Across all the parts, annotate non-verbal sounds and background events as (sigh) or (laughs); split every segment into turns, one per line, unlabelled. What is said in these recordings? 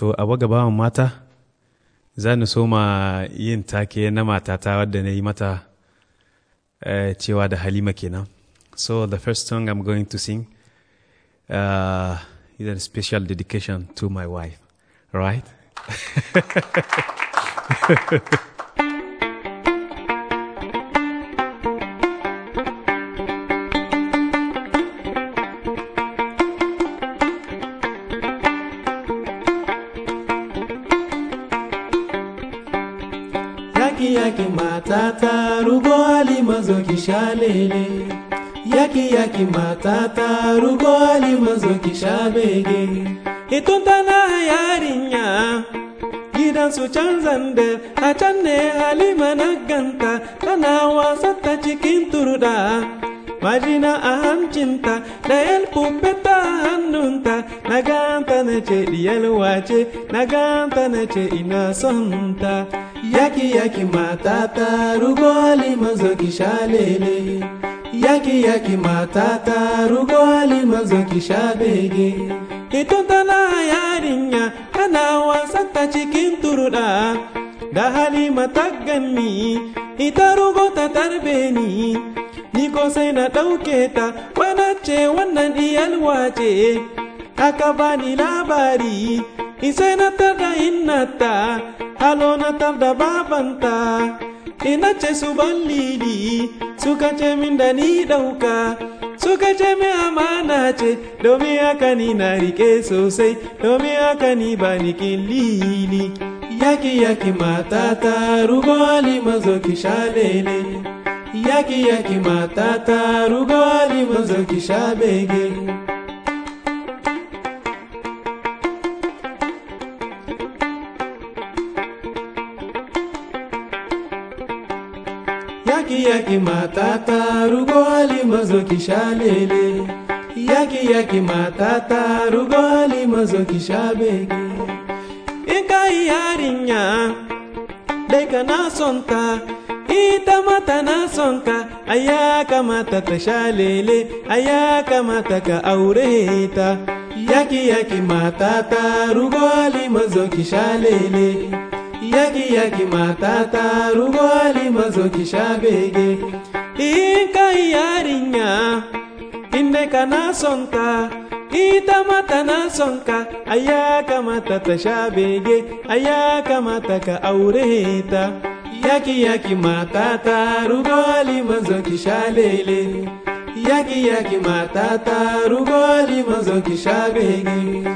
to a gabawan mata za ni soma yin take na matata wadda na yi mata eh, cewa da halima kenan so the first song i'm going to sing uh, is a special dedication to my wife right (laughs) yake matata rugo alimazokisha kishalele yake yake matata rugo alimazokisha bege ituntana yarinya gidansu can zande a can ne halima na ganta tana wasa ta cikin turda majina a hancinta da pumpet hannunta na ganta na ce diyalwa ce ina son yaki yaki matata rugoli mazo kishalele yaki yaki matata rugoli mazo kishabege ita yarinya tana wasan ta da halima ta ita rugo ta ni ko sai na ɗauke ta wana ce wannan iyalwa ce aka bani labari in sai na tarda innata halo na tarda babanta ina ce su ban lili suka ce min da ni ɗauka suka ce min amana ce domin haka ni na rike sosai domin haka ni ba ni lili yaki yaki matata rugoli mazo ki yaki yaki matata rugali mwanzo kisha bege yaki yaki matata rugali mwanzo kisha lele yaki yaki matata rugali mwanzo kisha bege inkai yarinya deka na sonta ita mata na sonka ka aya kamata ta sha aya kamata ka aureta yaki yaki mata ta rugoli mazo ki yaki yaki mata rugoli mazo ki yarinya inde kana sonka ita mata na sonka aya kamata ta aya kamata ka aureta yaki yaki matata rugoli mazo kishalele yaki yaki matata rugoli manzo kishabegi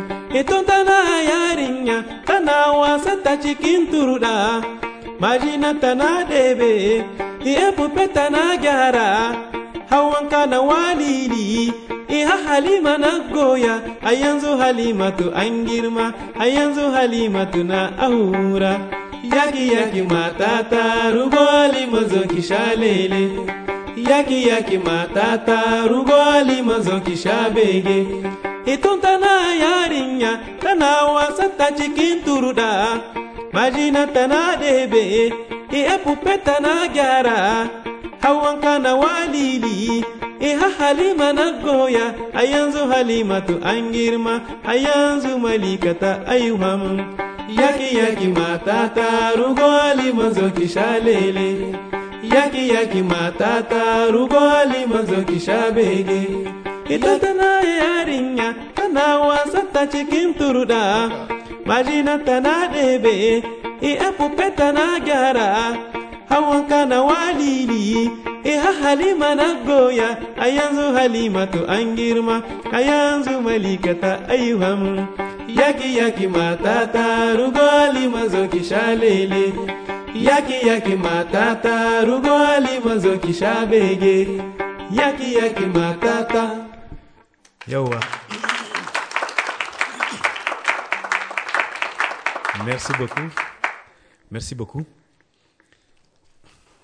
na yarinya tana wasata chikinturuda majina tana debe iepupe tana gara hawanka na walili iha halima na goya ayanzu halima halimatu angirma ayanzu halima tu halimatu na ahura yaki yaki matata rugoli mazo kishalele yaki yaki matata rugoli mazo kishabege itunta na yarinya tana wasata ta turuda majina tana debe e epupe tana gyara hawanka na walili iha halima na goya ayanzu halima halimatu angirma ayanzu malikata ayuham yaki yaki matata rugoli manzo kishalele yaki yaki matata rugoli manzo kishabege itata na yarinya kana wasata cikin majina tana debe i e apupe na gyara hawan kana walili iha e halima na goya ayanzu halima to angirma ayanzu malikata ayuhamu yaki yaki matata rugoli mazo kishalele yaki yaki matata rugoli mazo kishabege yaki yaki matata yawa merci beaucoup merci beaucoup